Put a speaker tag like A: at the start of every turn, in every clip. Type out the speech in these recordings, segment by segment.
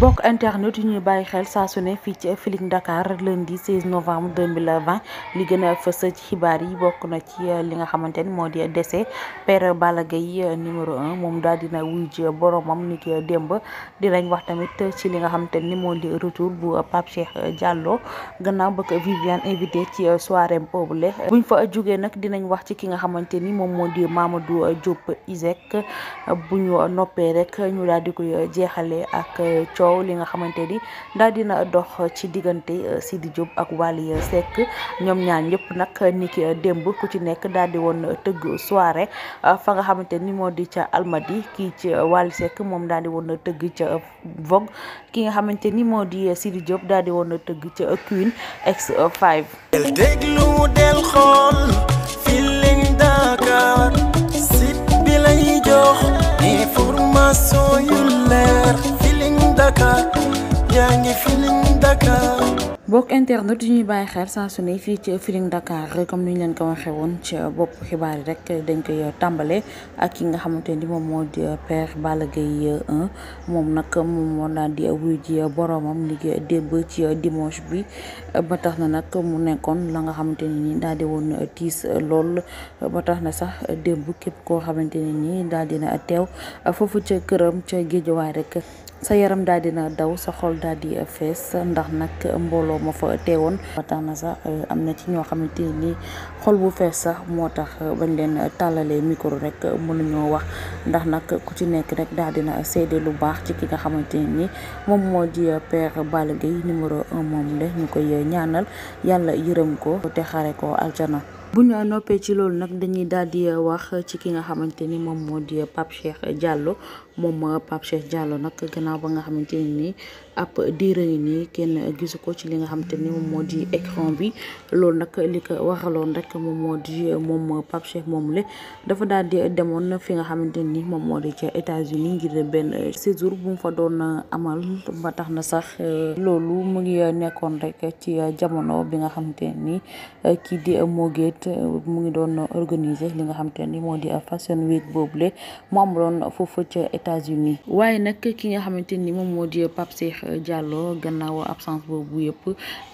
A: bokk internet yu ñuy bàyyi xel saa su ne fii ci Feeling Dakar lundi 16 novembre 2020 li gën a fës ci xibaar yi bokk na ci euh, li nga xamante ni moo di décès Père Balla Gaye euh, numéro 1 moom daal dina wuy ji boromam ni ki démb dinañ wax tamit ci li nga xamante ni moo di retour bu Pape Cheikh Diallo gannaaw ba ko Viviane invité ci euh, soirée boobule buñ fa jógee nag dinañ wax ci ki nga xamante ni moom moo di Mamadou Diop Iseg bu ñu noppee rek ñu daal di koy jeexale ak coow coow li nga xamante ni daal dina dox ci diggante euh, Sidi Diop ak Wally sekk ñoom ñaar ñëpp nag ni ki euh, démb ku ci nekk daal di woon tëgg soirée euh, fa nga xamante ni moo di ca Almadi kii ci Wally Seck moom daal di woon tëgg ca Vogue ki nga xamante ni moo di Sidi Diop daal di woon tëgg ci Queen X5.
B: déglu del xool Feeling bi lay jox information
A: Dakar. bokk internet yu ñuy bàyyi xeer saa su ne fii ci Feeling Dakar comme ni ñu leen ko waxee woon ci bopp xibaar yi rek dañ koy tàmbale ak ki nga xamante di moom moo di père Balla Gaye moom nag moom moo daal di wuy ji boromam liggéey démb ci dimanche bi ba tax na nag mu nekkoon la nga xamante ne ni daal di woon tiis lool ba tax na sax démb képp koo xamante ne ni daal dina teew foofu ca këram ca géejawaay rek sa yaram daal na daw sa xol daal di eh, fees ndax nag mbooloo ma fa teewoon ba tax na sax eh, am na ci ñoo xamante ni xol bu fees sax moo tax bañ leen tàllalee micro rek mënuñoo wax ndax nag ku ci nekk rek daal na seede lu baax ci ki nga xamante ni moom moo di père Balla Gaye numéro un moom la ñu koy ñaanal yàlla yërëm ko te xare ko aljana bu ñu noppee ci loolu nag dañuy daal di wax ci ki nga xamante ni moom moo di Pape Cheikh moom Pape Cheikh Diallo nag gannaaw ba nga xamante ne nii ab diire yi nii kenn gisu ko ci li nga xamante ni moom moo di écran bi loolu nag li ko waxaloon rek moom moo di moom Pape Cheikh moom le dafa daal di demoon fi nga xamante nii moom moo di ca États-Unis ngir benn séjour bu mu fa doon amal ba tax na sax eh, loolu mu ngi nekkoon rek ci jamono bi nga xamante ni eh, kii di Mo Gates tamit uh, mu ngi doon organiser li nga xam te ni moo di uh, fashion week boobule mu am doon foofu ca États-Unis waaye nag ki nga xamante ni moom moo di Pape Cheikh Diallo gannaaw absence boobu yëpp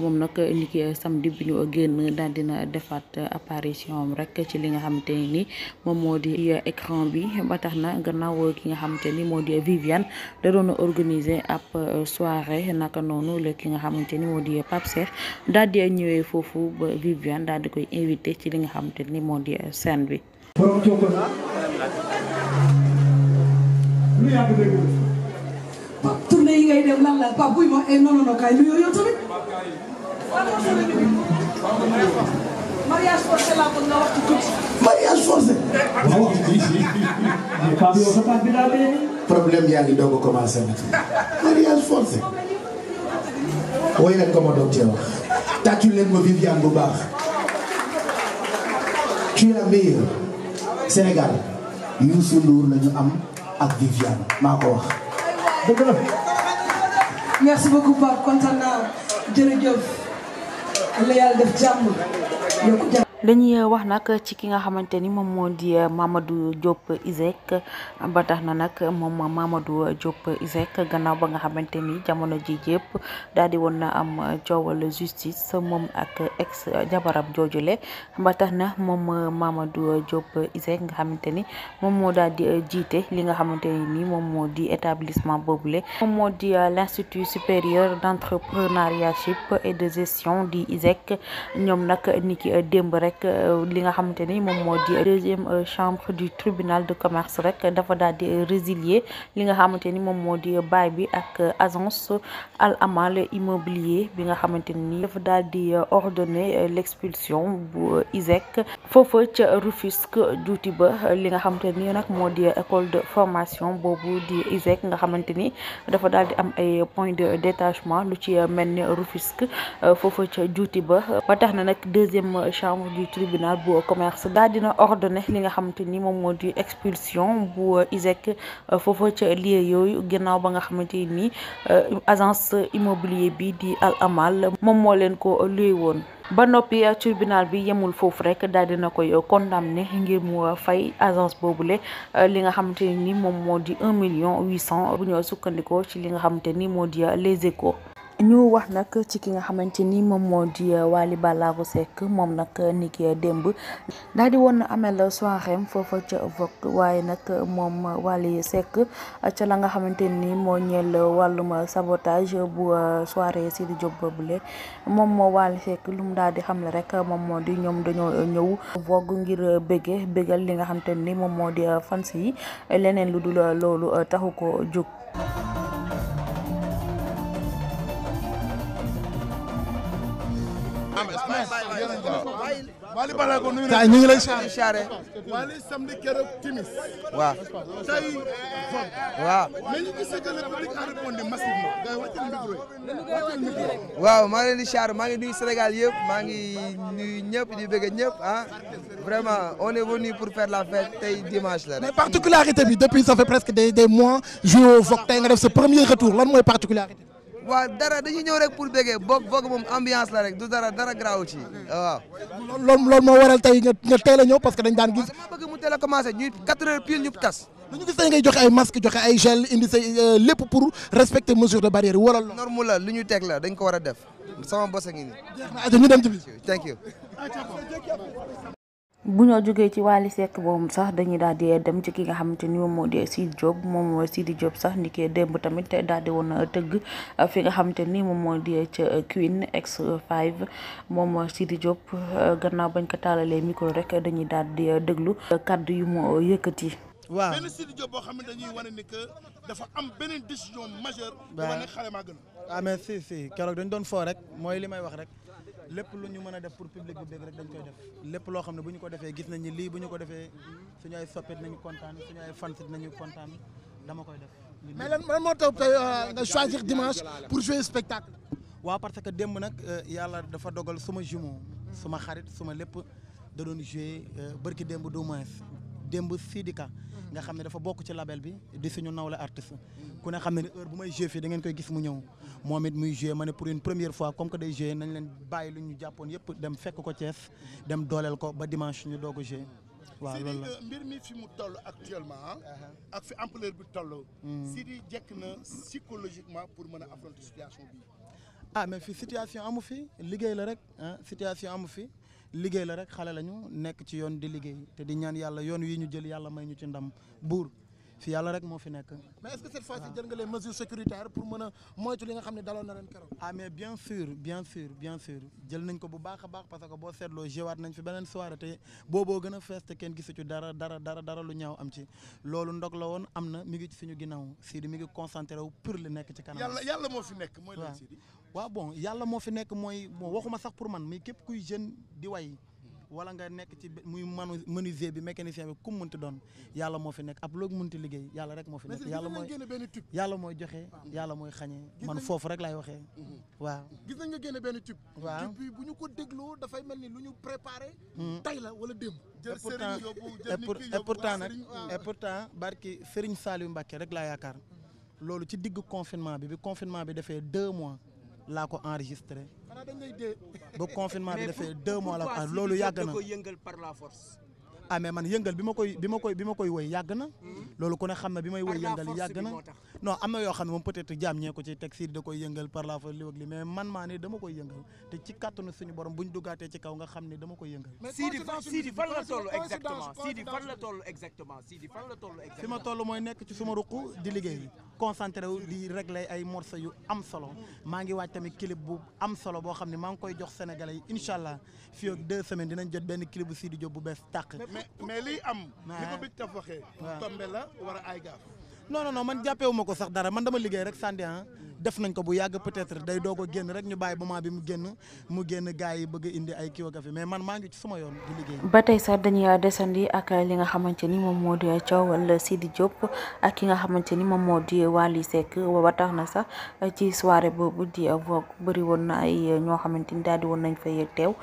A: moom nag ni ki samedi bi ñu génn daal dina defaat apparition am rek ci li nga xamante ni moom moo di écran bi ba tax na gannaaw ki nga xamante ni moo di Viviane da doon organiser ab soirée naka noonu la ki nga ni moo di a ñëwee foofu ba Viviane daal di koy invité fii ci li nga xamante ni moo di euh, scène bi.
B: tournée yi ngay dem lan la Pape buy ma ay eh, non non kaay nuyoo yow tamit. mariage forcé laa bëgg nga wax ci tuuti. mariage forcé. waaw si si. mais Pape yow sa Pape bi daa bëri. problème yaa ngi doog a commencé nag. mariage forcé. woy nag ko ma doog cee wax. tàccu leen ma Viviane bu baax. tu es la meilleure Sénégal Youssou Ndour la ñu am ak Viviane maa ko wax. dëgg la. merci beaucoup Pape kontaan naa jërëjëf. la yàlla def jàmm
A: yokku dañuy wax nag ci ki nga xamante ni moom moo di euh, Mamadou Diop ISEG ba tax na nag moom Mamadou Diop ISEG gannaaw ba nga xamante ni jamono ji yëpp daal di woon na am coowal justice moom ak ex jabaram joojule ba tax na moom Mamadou Diop ISEG nga xamante ni moom moo daal di jiite li nga xamante ni moom moo di établissement boobule moom moo di euh, l'institut supérieur d'entrepreneuriatship et de gestion di ISEG ñoom nag ni ki démb rek. rek euh, li nga xamante ni moom moo di deuxième euh, chambre du tribunal de commerce rek dafa daal di résilier li nga xamante ni moom moo di bail bi ak euh, agence Al Amal immobilier bi nga xamante ni dafa daal di ordonner l'expulsion bu ISEC foofa ca Rufisque juuti ba li nga xamante ni nag moo di école de formation boobu di ISEC nga xamante ni dafa daal di am ay point de détachement lu ci mel ni Rufisque foofa ca juuti ba ba na nag deuxième chambre du tribunal bu commerce daal dina ordonné li nga xamante ni moom moo di expulsion bu euh, ISEC euh, foofa ca lieu yooyu ginnaaw ba nga xam xamante ni euh, agence immobilier bi di Al Amal moom moo leen ko luy woon. ba noppi tribunal bi yemul foofu rek daal dina koy condamné ngir mu fay agence boobu le li nga xamante ni moom moo di un million huit cent bu ñu sukkandikoo ci li nga xamante ni moo di les échos. ñu wax nag ci ki nga xamante ni moom moo di euh, Wally Ballago Seck moom nag ni ki démb daal di woon amel soirée foofa ca Vogue waaye nag moom Wally sekk ca la nga xamante ni moo ñeel wàllum sabotage bu euh, soirée Sidy Diop boobule moom moo Wally Seck lu mu daal di xam xamle rek moom moo di ñoom dañoo ñëw Vogue ngir bége béggal li nga xamante ni moom moo di fans yi leneen lu dul loolu taxu ko jóg.
B: Wally Ballago ñu ngi lay siyaare Wally samedi keroog timis waaw tey eh, waaw maa ngi leen di maa ngi nuyu Sénégal yëpp maa ngi nuyu ñëpp di bëgg ñëpp ah vraiment on est venu pour faire la fête tey dimanche la rek. mais particularité bi depuis ça fait presque des mois joué au Vogue tey nga def sa premier retour lan mooy particularité waaw dara dañuy ñëw rek pour béggee boog boog moom ambiance la rek du dara dara garaaw ci waaw. loolu loolu moo waral tey nga teel ñëw parce que dañ daan gis. dama bëgg mu teel a commencé ñuy 4 heures ñu tas. ñu gis dañ ngay joxe ay masque joxe ay gel indi say euh, lépp pour respecter mesure de barrière waral. norme la lu ñuy teg la dañ ko war a def sama bos a ngi nii. jeex ñu dem ci
A: bu ñoo jógee ci Wally Seck boobu sax dañuy daal di dem ci ki nga xamante ni moom moo di Sidy Diop moom Sidy Diop sax ni ki démb tamit daal di woon tëgg fi nga xamante ni moom moo di ca Queen X5 moom Sidy Diop gannaaw bañ ko taalalee micro rek dañuy daal di déglu kàddu yu mu yëkkati.
B: waaw benn Sidy Diop boo xam ne dañuy wane ni dafa am beneen décision majeure. waaw bu ma ne xale maa gën. waaw ah, mais si keroog dañ doon foo rek mooy li may wax rek. lépp lu ñu mën a def pour public bi bëgg rek dañ koy def lépp loo xam ne bu ñu ko defee gis nañ ni lii bu ñu ko defee suñu ay soppe dinañu kontaan suñu ay fans dinañu kontaan dama koy def. mais moo tax tey euh, nga choisir dimanche pour jouer spectacle. waaw parce que démb nag euh, yàlla dafa dogal suma jumeau. suma xarit suma lépp da doon jouer euh, barki démb du moins démb Sidika mm-hmm. nga xam ne dafa bokk ci label bi di suñu nawle artiste ku ne xam ne heure bu may joué fii da ngeen koy gis mu ñëw mm-hmm. moom it muy joué ma ne pour une première fois comme que day joué nañ leen bàyyi lu ñu jàppoon yëpp dem fekk ko Thiès mm-hmm. dem dooleel ko ba dimanche ñu doog a joué waaw loolu la euh, mbir mi fi mu toll actuellement uh-huh. ak fi ampleur bi toll Sidi jekk na psychologiquement pour mën a affronter situation bi ah mais fi situation amu fi liggéey la rek situation amu fi liggéey la rek xale lañu nekk ci yoon di liggéey te di ñaan yàlla yoon wi ñu jël yàlla may ñu ci ndam buur fi yàlla rek moo fi nekk. mais est-ce que cette fois-ci jël nga les mesures sécuritaires pour mën a moytu nga xam ne daloon na ren keroog. ah mais bien sûr bien sûr bien sûr jël nañ ko bu baax a baax parce que boo seetloo jéewaat nañ fi beneen soirée te booboo gën a fees te kenn gisu ci dara dara lu ñaaw am ci loolu ndog la woon am na mi ngi ci suñu ginnaaw Sidi mi ngi concentré wu pour li nekk ci kanam. yàlla yàlla moo fi nekk mooy lan Sidi. waaw bon yàlla moo fi nekk mooy bon waxuma sax pour man mais képp kuy jeune di way. wala nga nekk ci muy manu menuisier bi mécanicien bi ku mu doon yàlla moo fi nekk ab loo munti liggéey yàlla rek moo fi nekk yàlla mooy yàlla mooy joxe ah. yàlla mooy xañee man foofu rek laay waxee mhm. waaw gis nañ nga génne benn tube waaw bu ñu ko dégloo dafay mel ni lu ñu préparé mhm. tay la wala démb et temps et pourtant nag et barki Serigne Saliou Mbacké rek laa yaakaar mhm. loolu ci digg confinement bi bi confinement bi defee deux mois laa ko enregistré ba confinement bi defee deux mois la ah loolu yàgg na yëngal par la force. ah mais man yëngal bi ma koy bi ma koy bi ma koy woy yàgg na. Hmm. loolu ku ne xam na bi may woy yëngal yàgg na. non am na yoo xam ne moom peut-être jaam ñee ko ci teg si da koy yëngal par la force li ak li mais man maa ne dama koy yëngal te ci kàttanu suñu borom bu ñu duggaatee ci kaw nga xam ne dama koy yëngal. Sidi Sidi exactement Sidi fan la toll exactement Sidi fan la toll exactement. fi ma toll mooy nekk ci suma ruq di liggéey. concentré wu di réglé ay morceaux yu am solo maa ngi waaj tamit clip bu am boo xam ni maa ngi koy jox sénégalais yi incha allah fii ak deux semaines dinañ jot benn clip bu Sidi Diop bu bees tàq. mais mais liy am. li ko Big Taf la war a ay gaaf. non non non man jàppewuma ko sax dara man dama liggéey rek sànni ah. def nañ ko bu yàgg peut-être day doog a génn rek ñu bàyyi maa bi mu génn mu génn gars yi bëgg indi ay kii ak mais man maa ngi ci sama yoon
A: ba tey sax dañuy desandi ak li nga xamante ni moom moo di coowal Sidi Diop ak ki nga xamante ni moom moo di Wally Seck ba tax na sax ci soirée boobu di Vogue bëri woon na ay ñoo xamante ni daal di woon nañ fay teew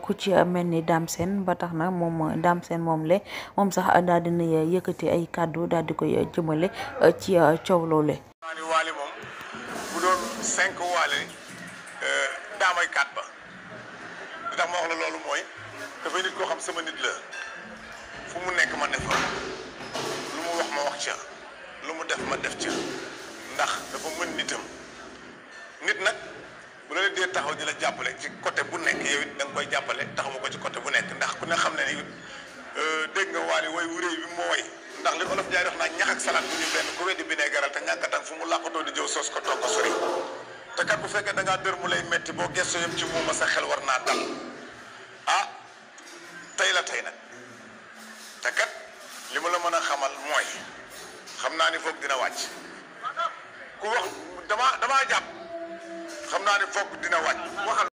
A: ku ci mel ni daam seen ba tax na moom daam seen moom le moom sax daal dina yëkkati ay kàddu daal di koy jëmale ci coow loole
B: cinq waale euh, daamay kat ba li tax ma wax la loolu mooy dafay nit koo xam sama nit la fu mu nekk ma ne fa lu mu wax ma wax ca lu mu def ma def ca ndax dafa mën nitam nit nag bu la dee taxaw di la jàppale ci côté bu nekk yow it da koy jàppale taxawu ko ci côté bu nekk ndax ku ne xam ne ni euh, dégg nga waali way wuréy bi moo ndax li olof jaay wax naa ñax salaat bu ñu benn ku weddi bi ne garal te ñàkk a tànk fu mu làqatoo di jëw soos ko toog sori te kat bu fekkee da ngaa dër mu lay metti boo gesto yëpp ci muuma sa xel war naa dal ah tey la tey nag te kat li ma la mën a xamal mooy xam naa ni foog dina wàcc ku wax dama damaa jàpp xam naa ni foog dina wàcc waxal